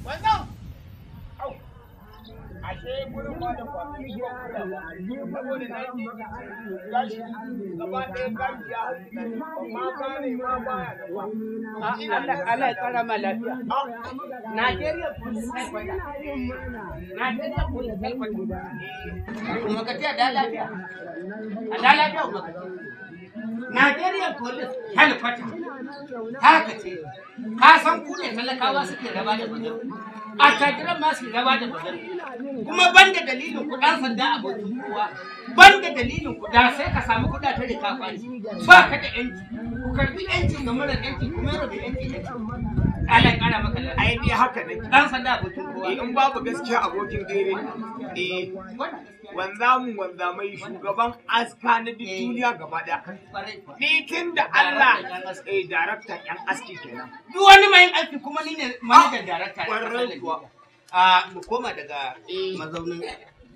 wannan Allah ya tsara ma lafiya Najeriya police Najeriya kuma ka tiya da lafiya a da lafiya kuma Najeriya haka ce ka san ku talakawa suke raba da bazar a tajiran ma suke raba da bazar kuma dalilin ku dan sanda abokin kowa dalilin ku da sai ka samu kuɗa ta rika kwani ba ka da yanci ku karbi yanci ga mara yanci kuma da yanci ne Allah kara maka lafiya ai haka ne dan sanda abokin kowa in babu gaskiya abokin daidai eh wanda wanzamai shugaban aska na duniya gaba daya ni da Allah eh darakta yan aski kenan duk wani mai aski kuma ni ne da darakta a mu koma daga eh. mazaunin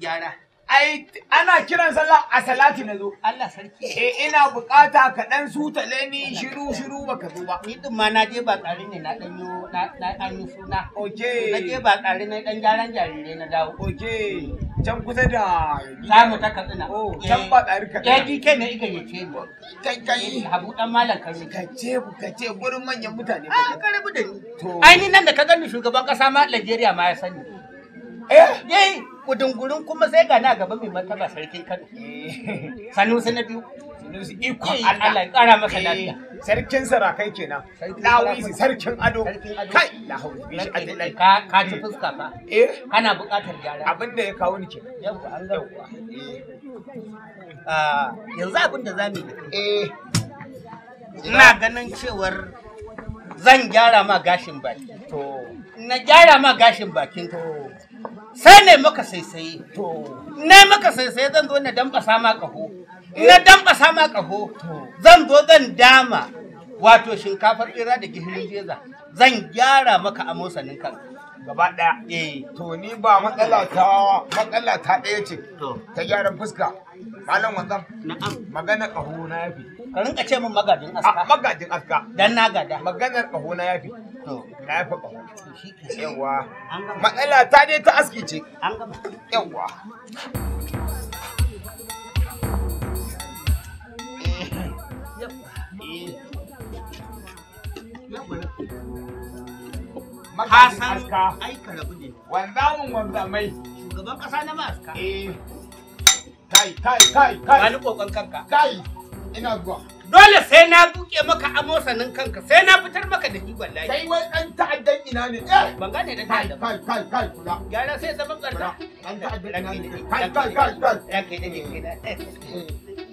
gyara ai ana kiran sallah a salati na zo Allah sarki eh ina bukata ka dan sutale ni shiru shiru baka zo ba ni din ma na je ba tsari ne na dan yo na dan suna okay na je ba tsari ne dan gyaran jarire na dawo okay hmm. can kusa da zamu ta katsina oh, eh. can ba tsari katsina ADK ne ika yace ni kai kai habu dan malam kare ka ce ku ka ce gurin manyan mutane a ah, karabu da ni ai ni nan da ka gani shugaban kasa ma Najeriya ma ya sani eh kudin kudungurin kuma sai ga na gaban mai martaba sarkin Kano eh. sanusi na biyu Sunusi Allah ya kara maka eh, lafiya. Sarkin sarakai kenan. Lawisi sarkin ado. Kai la hauli eh, Ka ka ci fuska fa. Eh kana buƙatar gyara. Abin da ya kawo ni ke. Yau an eh. Ah yanzu abin da zamu yi. Eh ina ganin cewar zan gyara ma gashin baki to na gyara ma gashin bakin to sai ne maka saisaye to ne maka saisaye zan zo na dambasa ma kaho eh. na dambasa ma kaho zan zo zan dama wato shinkafar ira da gihirin jeza zan gyara maka amosanin kan gaba daya eh to ni ba matsala ta matsala ta ɗaya ce ta gyara fuska Malam wanzan. Na'am. Magana kaho na yafi. Ka rinka ce min magajin aska. Magajin aska. Dan na gada. Maganar kaho na yafi. To, na yafi kaho. Yawwa. Matsala ta dai ta aski ce. An gama. Yawwa. Ka san aika rabu ne. Wanzamin wanzamai. Shugaban ƙasa na ba aska. Eh. kai kai kai kai wani kokon kanka kai ina zuwa dole sai na duke maka sanin kanka sai na fitar maka da higon lafiya sai wai dan ta'addan ina ne eh ban gane da kai kai kai kai kula gara sai zama garda dan ta'addan ina ne kai kai kai kai ya kai da da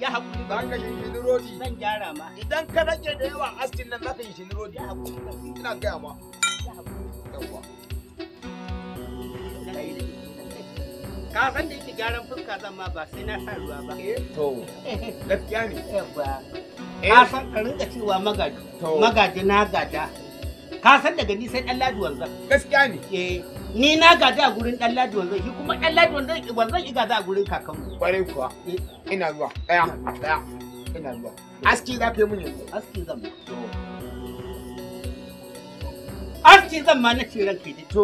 ya hakuri ba ka yi shi rodi zan gyara ma idan ka rage da yawa askin nan zaka yi shi rodi ya hakuri ina ga ma ya hakuri ka san da yake gyaran fuska zan ma ba sai na sa ruwa ba eh, to gaskiya ne yawa eh. ka san ka rinka cewa magaji magaji na gada ka san daga ni sai dan ladi wanzan gaskiya ne eh ni na gada a gurin dan ladi wanzan shi kuma dan ladi wanzan wanzan i gada a gurin kakanmu kwarai kuwa eh. ina zuwa daya daya ina zuwa aski za ka yi mun yanzu aski zan aski zan ma na ce ranka to